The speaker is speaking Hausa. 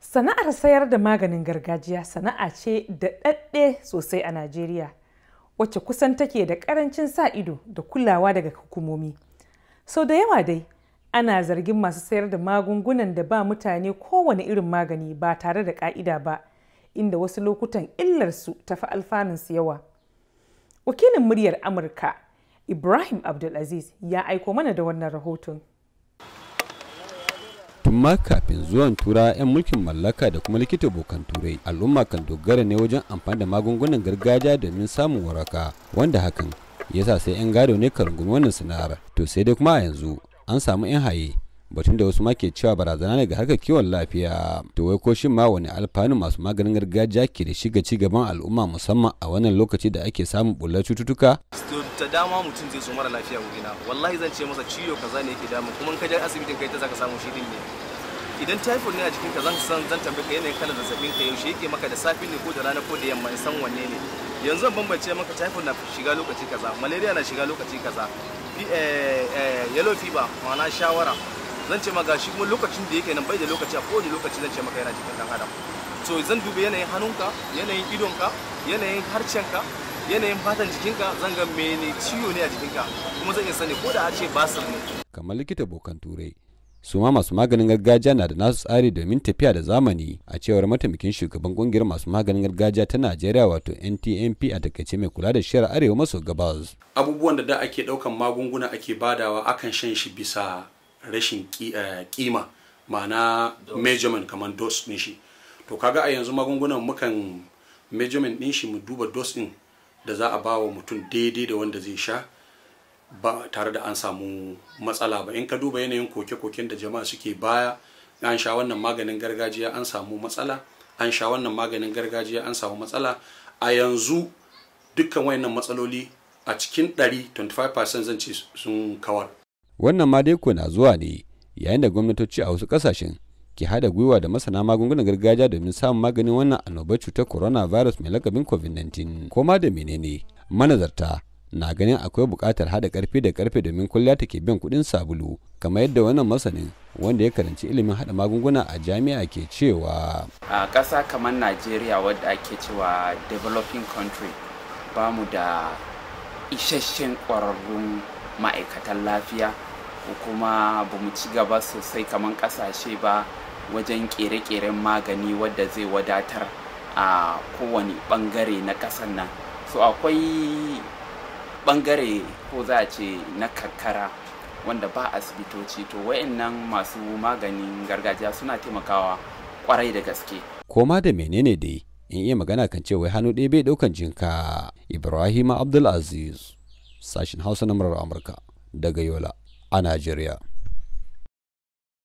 Sana'ar sayar da maganin gargajiya sana'a ce da ɗaɗɗe sosai a Najeriya, wacce kusan take da ƙarancin sa ido da kulawa daga hukumomi. Sau da yawa dai, ana zargin masu sayar da magungunan da ba mutane kowane irin magani ba tare da ƙa'ida ba, inda wasu lokutan illarsu tafi alfanunsu yawa. Wakilin muryar Amurka, Ibrahim Abdulaziz ya aiko mana da wannan rahoton. tun ma kafin zuwan tura 'yan mulkin mallaka da kuma likita bokan turai al'umma kan dogara ne wajen amfani da magungunan gargajiya domin samun waraka wanda hakan yasa sai 'yan gado ne ka rungumi wannan sana'ar to sai dai kuma a yanzu an samu 'yan haye batun da wasu ma ke cewa barazana ne ga harkar kiwon lafiya to wai ko shin ma wani alfanu masu maganin gargajiya ke da shiga ci gaban al'umma musamman a wannan lokaci da ake samun bullar cututtuka ta dama mutum zai so mara lafiya wurina wallahi zan ce masa ciwo kaza ne yake damu kuma ka je asibitin kai ta zaka samu shi din ne idan typhoid ne a jikin ka zan san zan tambaye ka yanayin kalar zazzabin ka yaushe yake maka da safi ne ko da rana ko da yamma in san wanne ne yanzu zan bambance maka typhoid na shiga lokaci kaza malaria na shiga lokaci kaza eh, eh, yellow fever ma'ana shawara zan ce maka gashi kuma lokacin da yake nan bai da lokaci a kowane lokaci zan ce maka yana cikin dan adam so zan duba yanayin hannunka yanayin idonka yanayin harcenka yanayin fatan jikinka zan ga mene ciwo ne a jikinka kuma zan iya sani ko da a ce basir ne kamar likita bokan turai su ma masu maganin gargajiya na da nasu tsari domin tafiya da zamani a cewar mataimakin shugaban kungiyar masu maganin gargajiya ta najeriya wato ntmp a takaice mai kula da shiyar arewa maso gabas abubuwan da da ake daukan magunguna ake badawa akan shan shi bisa rashin eh, kima ma'ana measurement kamar dose din shi to kaga a yanzu magungunan mukan measurement din shi mu duba dose din da za a ba wa mutum daidai da wanda zai sha ba tare da an samu matsala ba in ka duba yanayin koke-koken da jama'a suke baya an sha wannan maganin gargajiya an samu matsala an sha wannan maganin gargajiya an samu matsala a yanzu dukkan wayannan matsaloli a cikin 100 25% zan ce sun kawar wannan ma dai na zuwa ne yayin da gwamnatoci a wasu kasashen ke hada gwiwa da masana magungunan gargajiya domin samun maganin wannan annobar cutar coronavirus mai lakabin covid-19 koma da menene manazarta na ganin akwai bukatar hada karfe da karfe domin kulliya take bin kuɗin sabulu kamar yadda wannan masanin wanda ya karanci ilimin hada magunguna a jami'a ke cewa a ƙasa kamar najeriya wadda ake cewa developing country ba mu da isasshen kwararrun ma'aikatan lafiya ko kuma ba mu ci gaba sosai kamar kasashe ba wajen kere-keren magani wadda zai wadatar a kowane bangare na kasan nan so akwai bangare ko za a ce na kakara wanda ba asibitoci to wayannan masu maganin gargajiya suna taimakawa kwarai da gaske koma da menene dai in iya magana kan cewa hannu ɗaya bai ɗaukan jinka Ibrahim abdulaziz sashin hausa na murar amurka daga yola a Najeriya.